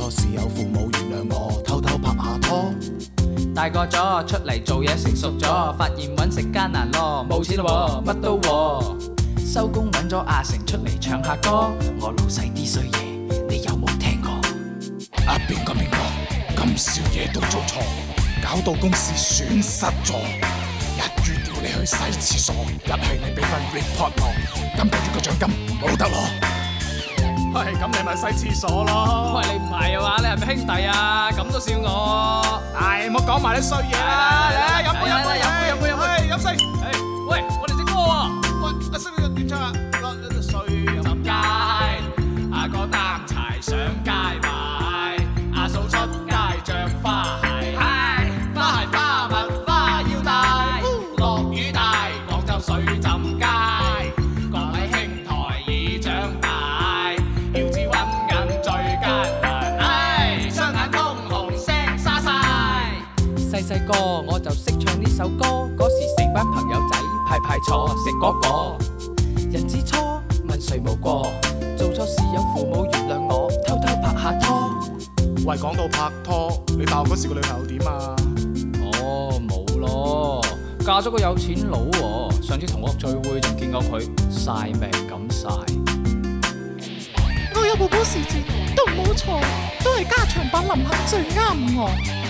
錯時有父母原諒我，偷偷拍下拖。大個咗出嚟做嘢，成熟咗，發現揾食艱難咯，冇錢咯，乜都。收工揾咗阿成出嚟唱下歌，我老細啲衰嘢你有冇聽過？阿邊個明啊？咁少嘢都做錯，搞到公司損失咗。一係叫你去洗廁所，一係你俾份 report 我，今個月個獎金冇得攞。咁你咪洗廁所咯！喂，你唔係嘅話，你係咪兄弟啊？咁都笑我？唉，唔好講埋啲衰嘢啦！嚟，飲杯飲杯飲杯飲杯飲杯飲四。喂，我哋隻歌啊！喂，阿叔你點唱啊？錯，食果果。人之初，問誰無過？做錯事有父母原諒我，偷偷拍下拖。喂，講到拍拖，你大學嗰時個女朋友點啊？哦，冇咯，嫁咗個有錢佬喎。上次同學聚會仲見過佢晒命咁晒。我有部保時捷都冇好錯，都係加長版林肯最啱我。